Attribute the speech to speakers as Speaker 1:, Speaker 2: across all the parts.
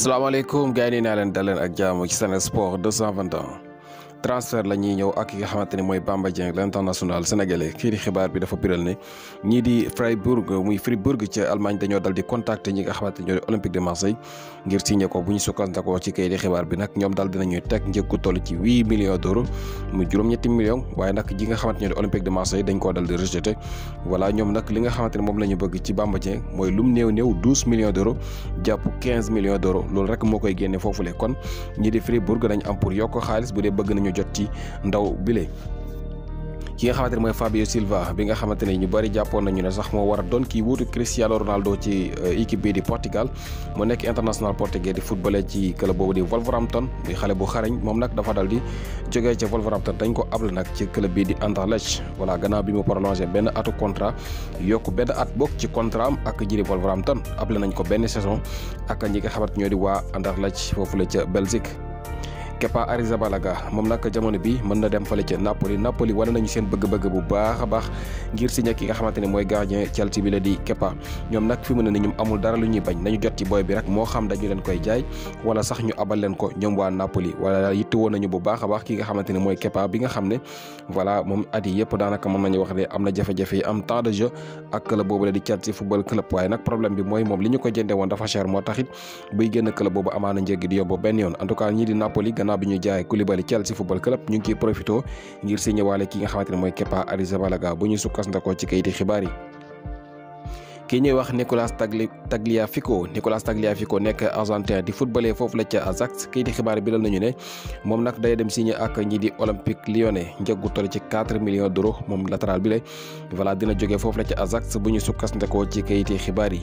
Speaker 1: salaamaaleykum gars yi nii naa leen daleen ak jaamu ci Sen Sports 221 transfert la ñuy ñëw ak ki nga xamante ne mooy Bamba l'international sénégalais kii xibaar bi dafa biral ne ñii di Freiburg muy Freiburg ci Allemagne dañoo dal di ñi nga xamante ne ñoo teg njëg toll ci huit millions d'euros mu juróom-ñetti millions waaye nag ji nga xamante moom la bëgg ci Bamba Dieng mooy lum néew néew millions d'euros jàpp millions d'euros loolu rek moo koy génne foofule kon ñii di Freiburg nañu ñu jot ci ndaw bile ki nga xamantene moy Fabio Silva bi nga xamantene ñu bari jappon nañu ne sax mo wara don ki wutu Cristiano Ronaldo ci euh, équipe bi di Portugal mu nekk international portugais di footballer ci club bobu di Wolverhampton di xalé bu xarañ mom nak dafa dal di joggé ci Wolverhampton dañ ko abl nak ci club bi di Anderlecht voilà gannaaw bi mu prolongé ben atu contrat yok ben at bok ci contrat am ak jiri Wolverhampton abl nañ ko ben saison ak ñi nga xamantene ñoo di wa Anderlecht fofu la ci Belgique Kepa Arizabalaga, moom nag jamono bi mën na dem Napoli Napoli wane nañu seen bëgg-bëgg bu baax a baax ngir signé ki nga xamante gardien Chelsea bi la di Kepa ñoom nag fi ni amul dara lu ñuy bañ nañu jot ci booy bi rek moo xam dañu leen koy jaay wala sax ñu abal leen ko Napoli wala daal yitte woon nañu bu baax baax ki nga xamante ne Kepa bi nga xam ne voilà moom at yi nañu wax jafe-jafe am temps de jeu ak club boobu la di Chelsea football club waaye problem problème bi mooy moom li ñu ko jënde woon dafa cher moo taxit buy génn club di Napoli gan. yoon en tout cas di Napoli gannaaw bi ñu jaay Koulibaly Chelsea football club ñu ngi ciy profito ngir signé waale ki nga xamante ne mooy Kepa Arrizabalaga bu ñu sukkandikoo ci kayiti xibaar yi. ki ñuy wax Nicolas Tagliafico Nicolas Tagliafico nekk argentin di footballeur foofu la ca Ajax kayiti xibaar bi la nañu ne moom nag day dem signé ak ñi di Olympique Lyonnais njëggu toll ci 4 millions d'euros moom latéral bi la voilà dina jógee foofu la ca Ajax bu ñu sukkandikoo ci kayiti xibaar yi.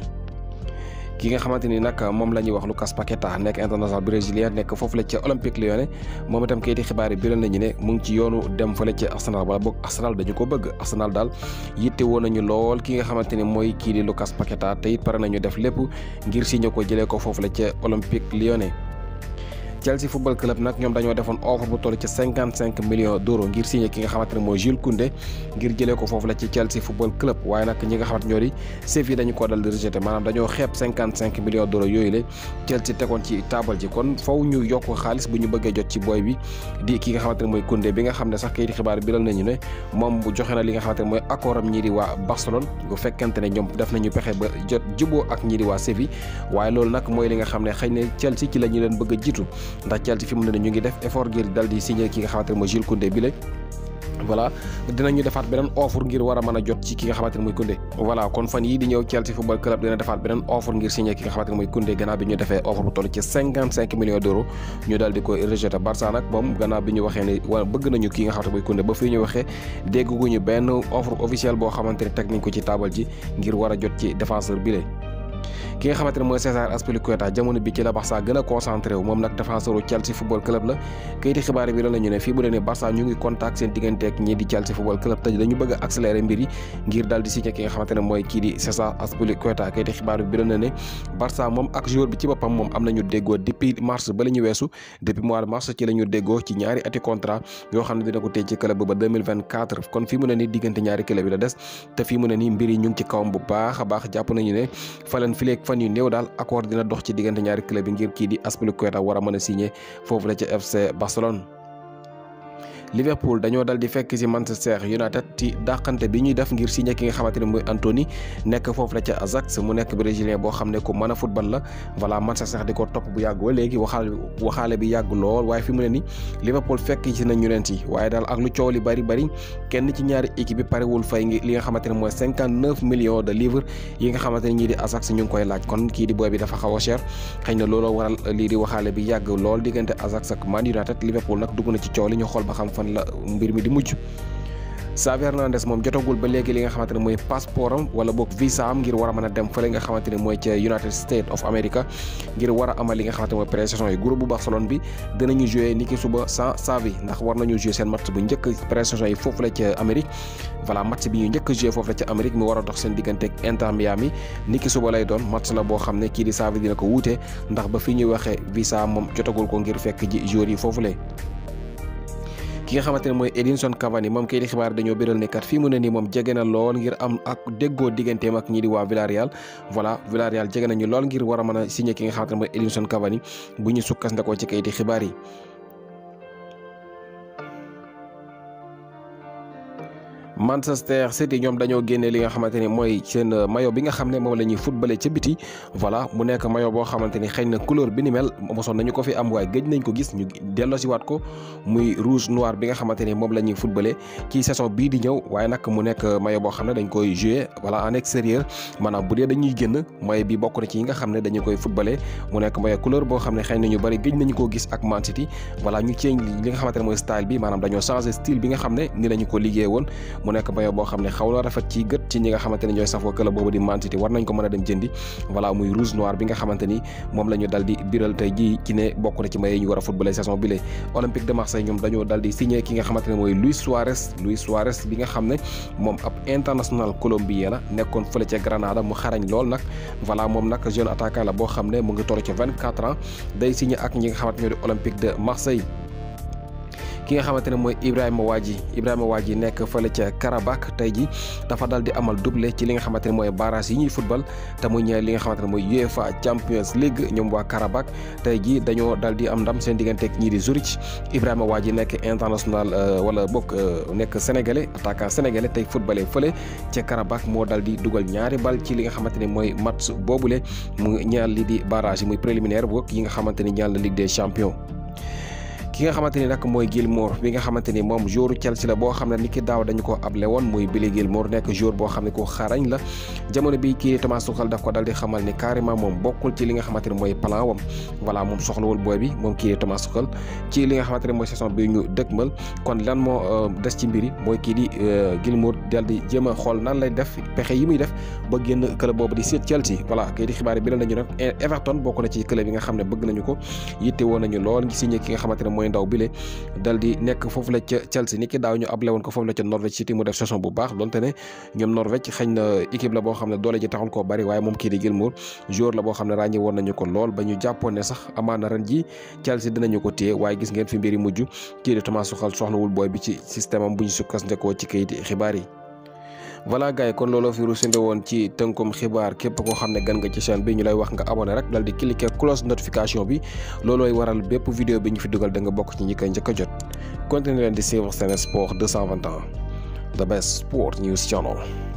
Speaker 1: ki nga xamante ni nag moom la ñuy wax Lucas Paquetá nekk international brésilien nekk foofu la ca Olympique Lyonnais moom itam kayiti xibaar yi biral nañu ne mu ngi ci yoonu dem fële ca Arsenal wala boog Arsenal dañu ko bëgg Arsenal daal yitte woon nañu lool ki nga xamante ni mooy kii di Lucas Paquetá tey it pare nañu def lépp ngir signé ko jëlee ko foofu la ca Olympique Lyonnais Chelsea football club nag ñoom dañoo defoon offre bu toll ci cinquante cinq millions ngir signé ki nga xamante ne mooy Jules Koundé ngir jëlee ko foofu la ci Chelsea football club waaye nag ñi nga xamante ñoo di Séville dañu ko dal di rejeté maanaam dañoo xeeb cinquante Chelsea tegoon ci taabal ji kon faw ñu yokk xaalis bu ñu bëggee jot ci booy bi di ki nga xamante ne mooy Koundé bi nga xam ne sax kayiti xibaar biral nañu ne moom bu joxe na li nga xamante ne mooy accord am ñii di waa Barcelone bu fekkante ne ñoom def nañu pexe ba jot juboo ak ñii di waa Séville waaye loolu nag mooy li nga xam ne xëy na Chelsea ci la ñu leen bëgg jiitu ndax Chelsea fi mu ñu ngi def effort ngir dal di signé ki nga xamante ne mooy Jules Koundé bile. voilà dinañu defaat beneen offre ngir war a mën a jot ci ki nga xamante ne mooy Koundé voilà kon fan ñëw Chelsea football club dina defaat beneen offre ngir signé ki nga xamante ne mooy Koundé gannaaw bi ñu defee offre bu toll ci 55 millions d'euros ñu daal di ko rejeté Barça nag moom gannaaw bi ñu waxee ne wala bëgg nañu ki nga xamante mooy Koundé ba fii ñu waxee dégguñu benn offre officielle boo xamante ne teg nañ ko ci taabal ji ngir war a jot ci défenseur bi la ki nga xamante ne mooy César jamono bi ci la Barça gën a concentré moom nag défenseur u Chelsea football club la kayiti xibaar bi bi la ne Barça moom ak joueur bi ci boppam moom am nañu déggoo depuis mars ba la weesu depuis mois mars ci la ñu ci ñaari ati contrat yoo xam ne dina ko téye ci club ba kon fii mu ne nii diggante ñaari club yi la des te fii mu ne nii mbir ñu ngi ci kawam bu baax baax jàpp nañu ne faleen fileeg fan yu néew daal accord dina dox ci diggante ñaari club yi ngir kii di Azpilicueta war a mën a signé foofu la ca FC Barcelone. Liverpool dañoo dal di fekk ci Manchester United ci dàqante bi ñuy def ngir signé ki nga xamante ne mooy Anthony nekk foofu la ca Ajax mu nekk brésilien boo xam ne ku mën a football la voilà Manchester di ko topp bu yàgg ba léegi waxaale bi yàgg lool waaye fi mu ne ni Liverpool fekk ci nañ ñu leen ci waaye daal ak lu coow li kenn ci ñaari équipe bi parewul fay ngi li nga xamante ne mooy cinquante neuf millions nga xamante ne ñii di Ajax ñu ngi koy laaj kon kii di booy bi xaw a cher xëy na looloo waral lii di waxaale bi yàgg lool diggante Ajax ak Man United Liverpool nag dugg na ci coow ñu xool ba xam fan la mbir mi di mujj Xavi Hernandez moom jotagul ba léegi li nga xamante ne mooy passeport am wala boog visa am ngir war mën a dem fële nga xamante ne mooy ca United States of America ngir war a amal li nga xamante ne mooy pré-saison yi groupe bu Barcelone bi dinañu jouer ni ki suba sans Xavi ndax war nañu jouer seen match bu njëkk pré-saison yi foofu la ca Amérique voilà match bi ñu njëkk jouer foofu la ca Amérique mu a dox seen diggante ak Inter Miami suba lay doon match la boo xam ne kii di Xavi dina ko wuute ndax ba fi ñuy waxee visa moom jotagul ko fekk ji yi foofu la ki nga xamante ne mooy Edinson Cavani moom kay di xibaar dañoo biral ne kat fii mu a nii moom jege na lool ngir am ak déggoo digganteem ak ñii di waa Villarreal voilà Villarreal jege nañu lool ngir war mën a signé ki nga xamante ne mooy Edinson Cavani bu ñu sukkandikoo ci kayiti xibaar yi Manchester City ñoom dañoo génne li nga xamante ni mooy seen euh, maillot bi nga xam ne moom la ñuy footballé ca biti voilà mu nekk maillot boo xamante ni xëy na couleur bi ni mel mosoon nañu ko fi am waaye gëj nañ ko gis ñu delloosiwaat ko muy rouge noir bi nga xamante ni moom la ñuy footballé ci saison bii di ñëw waaye nag mu nekk maillot boo xam ne dañ koy joué voilà en extérieur maanaam bu dee dañuy génn maillot bi bokk na ci yi nga xam ne dañu koy footballé mu nekk maillot couleur boo xam ne xëy na ñu bëri gëj nañu koo gis ak Man City voilà nga xamante ne mooy style bi maanaam dañoo changé style bi nga xam ne ni lañu ko liggéey woon mu nekk maillot boo xam ne xaw na rafet ci gët ci ñi nga xamante ne ñooy safoo club boobu di Man City war nañ ko mën a dem jëndi voilà muy rouge noir bi nga xamante ni moom la ñu dal di biral ci ne bokk na ci maillot yi ñu war a footballé saison bi lee Olympique de Marseille signé ki nga xamante ne mooy Luis Suarez Luis Suarez bi nga xam ne moom ab international colombien la nekkoon fële ca Granada mu xarañ lool nag voilà moom nag jeune attaquant la boo xam ne mu ngi toll ci 24 ans day signé ak ñi nga xamante ñoo di Olympique ki nga xamante ne mooy Ibrahima Wadji Ibrahima Wadji nekk fële ca Karabakh tey ji dafa dal di amal doublé ci li nga xamante ne mooy barrage yi ñuy football te mu ñeel li nga xamante ne mooy UEFA Champions League ñoom waa Karabakh tey ji dañoo dal di am ndam seen diggante ak ñii di Zurich Ibrahima Wadji nekk international euh, wala bokk euh, nekk sénégalais attaquant sénégalais tey footballé fële ca Karabakh moo dal di dugal ñaari bal ci li nga xamante ne mooy match boobule mu ñaal li di barrage yi muy préliminaire yi nga xamante ni ñaal la Ligue des ki nga xamante ni nag mooy Gilmour bi nga xamante ni moom joueur Chelsea la boo xam ne ni ki daaw dañu ko able woon muy Billy Gilmour nekk joueur boo xam ne ko xarañ la jamono bi kii Thomas Tuchel daf ko dal di xamal ni carrément moom bokkul ci li nga xamante ni plan wam voilà moom soxlawul booy bi mom kii Thomas Tuchel ci li nga xamante ni mooy saison bi ñu dëgmal kon lan moo euh, des ci mbiri mooy kii di euh, Gilmour dal di jéem a xool nan lay def pexe yi muy def ba génn club boobu di Chelsea voilà kii di xibaar bi la nañu Everton bokk na ci club yi nga xam ne bëgg nañu ko yitte woon nañu lool ngi signé ki nga xamante ne ndaw bile dal di nekk foofu la ca Chelsea ni ki daaw ñu ablé woon ko foofu la ca Norwich City mu def saison bu baax donte ne ñoom Norwich xëy na équipe la boo xam ne doole ji taxul koo bari waaye moom kii di Gilmour la boo xam ne ràññi woon nañu ko lool ba ñu jàppoon ne sax amaana ren ji Chelsea dinañu ko téye waaye gis ngeen fi mbir yi mujj kii di Thomas bi ci système am bu ñu ci kayiti xibaar yi voilà gars yi kon looloo fi rusinde woon ci tënkum xibaar képp koo xam ne gan nga ci chaîne bi ñu lay wax nga abonné rek dal di cliquer close notification bi loolooy waral bépp vidéo bi ñu fi dugal da nga bokk ci ñi koy jot continuer leen di suivre Sen Sports 221 the best sport news channel